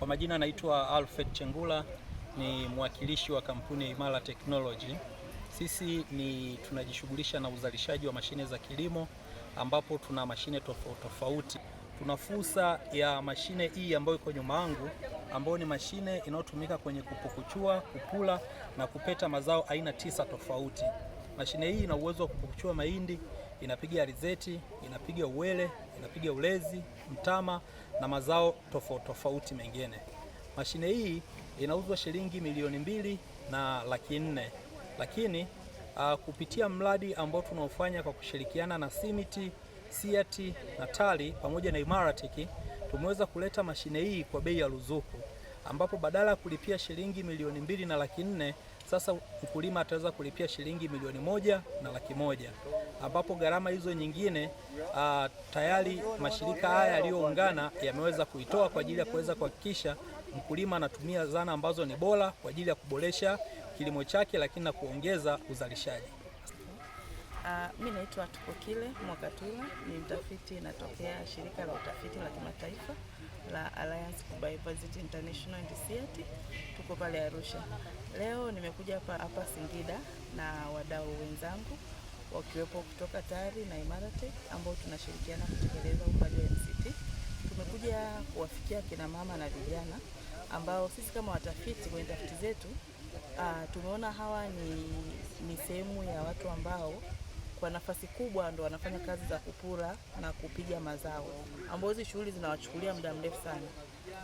Kwa majina anaitwa Alfred Chengula, ni mwakilishi wa kampuni Imara Technology. Sisi ni tunajishughulisha na uzalishaji wa mashine za kilimo ambapo tuna mashine tofauti tofauti. Tuna fursa ya mashine hii ambayo iko nyuma yangu ambayo ni mashine inayotumika kwenye kupukuchua, kupula na kupeta mazao aina tisa tofauti. Mashine hii ina uwezo wa kupukuchua mahindi, inapiga alizeti, inapiga uwele inapiga ulezi, mtama na mazao tofauti tofauti mengine. Mashine hii inauzwa shilingi milioni mbili na laki nne, lakini uh, kupitia mradi ambao tunaofanya kwa kushirikiana na Simiti, Siati na Tali pamoja na Imaratiki tumeweza kuleta mashine hii kwa bei ya ruzuku ambapo badala ya kulipia shilingi milioni mbili na laki nne sasa mkulima ataweza kulipia shilingi milioni moja na laki moja ambapo gharama hizo nyingine a, ah, tayari mashirika haya yaliyoungana yameweza kuitoa kwa ajili ya kuweza kuhakikisha mkulima anatumia zana ambazo ni bora kwa ajili ya kuboresha kilimo chake, lakini na kuongeza uzalishaji. Uh, mi naitwa Tukokile Mwakatula, ni mtafiti natokea shirika la utafiti la kimataifa la Alliance for Biodiversity International INDCEAT, tuko pale Arusha. Leo nimekuja hapa hapa Singida na wadau wenzangu wakiwepo kutoka TARI na Imarate ambao tunashirikiana kutekeleza upande wa MCT. Tumekuja kuwafikia kina mama na vijana ambao sisi kama watafiti kwenye tafiti zetu uh, tumeona hawa ni, ni sehemu ya watu ambao kwa nafasi kubwa ndo wanafanya kazi za kupura na kupiga mazao, ambapo hizi shughuli zinawachukulia muda mrefu sana,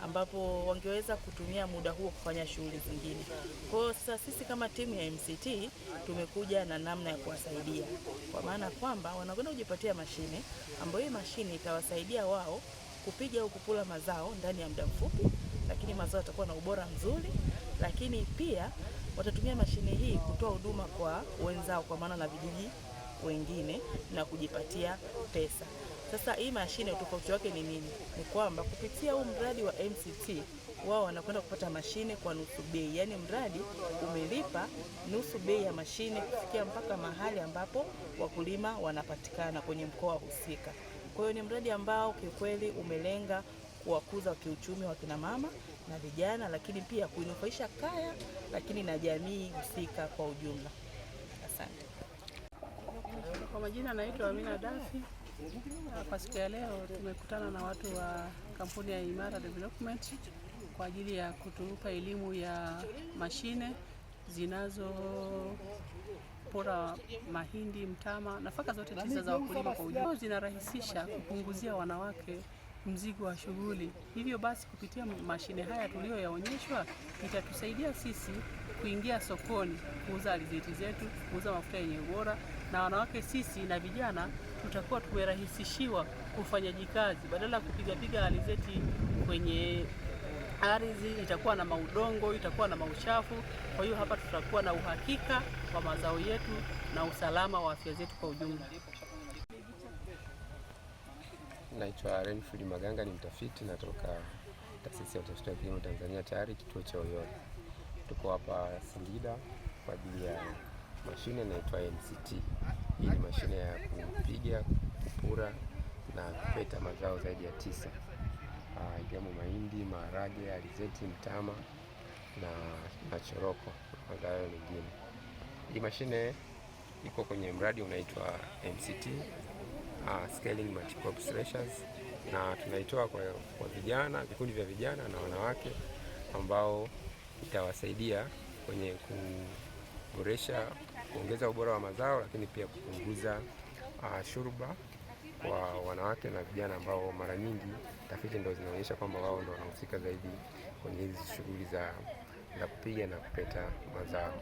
ambapo wangeweza kutumia muda huo kufanya shughuli zingine. Kwa hiyo sasa sisi kama timu ya MCT tumekuja na namna ya kuwasaidia, kwa maana kwamba wanakwenda kujipatia mashine ambayo hii mashine itawasaidia wao kupiga au kupula mazao ndani ya muda mfupi, lakini mazao yatakuwa na ubora mzuri, lakini pia watatumia mashine hii kutoa huduma kwa wenzao, kwa maana na vijiji wengine na kujipatia pesa. Sasa hii mashine utofauti wake ni nini? Ni kwamba kupitia huu mradi wa MCT wao wanakwenda kupata mashine kwa nusu bei, yaani mradi umelipa nusu bei ya mashine kufikia mpaka mahali ambapo wakulima wanapatikana kwenye mkoa husika. Kwa hiyo ni mradi ambao kiukweli umelenga kuwakuza kiuchumi wa kina mama na vijana, lakini pia kuinufaisha kaya, lakini na jamii husika kwa ujumla. Kwa majina naitwa Amina Dafi. Kwa siku ya leo tumekutana na watu wa kampuni ya Imara Development kwa ajili ya kutupa elimu ya mashine zinazopora mahindi, mtama, nafaka zote tisa za wakulima kwa ujumla. Zinarahisisha kupunguzia wanawake mzigo wa shughuli. Hivyo basi, kupitia mashine haya tuliyoyaonyeshwa, itatusaidia sisi kuingia sokoni, kuuza alizeti zetu, kuuza mafuta yenye ubora na wanawake sisi na vijana tutakuwa tumerahisishiwa ufanyaji kazi, badala ya kupigapiga alizeti kwenye ardhi itakuwa na maudongo, itakuwa na mauchafu. Kwa hiyo hapa tutakuwa na uhakika wa mazao yetu na usalama wa afya zetu kwa ujumla. Naitwa Renfield Maganga, ni mtafiti natoka taasisi ya utafiti wa kilimo Tanzania TARI, kituo cha Uyole. Tuko hapa Singida kwa ajili ya Mashine inaitwa MCT. Hii ni mashine ya kupiga, kupura na kupeta mazao zaidi ya tisa ah, ikiwemo mahindi, maharage, alizeti, mtama na, na choroko mazao mengine. Hii mashine iko kwenye mradi unaitwa MCT uh, ah, Scaling Multi-Crop Threshers na tunaitoa kwa, kwa vijana vikundi vya vijana na wanawake ambao itawasaidia kwenye ku kuboresha kuongeza ubora wa mazao, lakini pia kupunguza uh, shuruba kwa wanawake na vijana ambao mara nyingi tafiti ndo zinaonyesha kwamba wao ndo wanahusika zaidi kwenye hizi shughuli za za kupiga na kupeta mazao.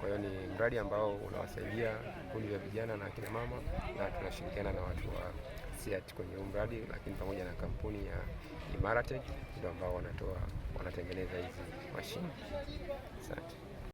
Kwa hiyo ni mradi ambao unawasaidia kundi la vijana na akina mama, na tunashirikiana na watu wa SIAT kwenye huu mradi, lakini pamoja na kampuni ya Imaratech ndio ambao wanatoa wanatengeneza hizi mashine. Asante.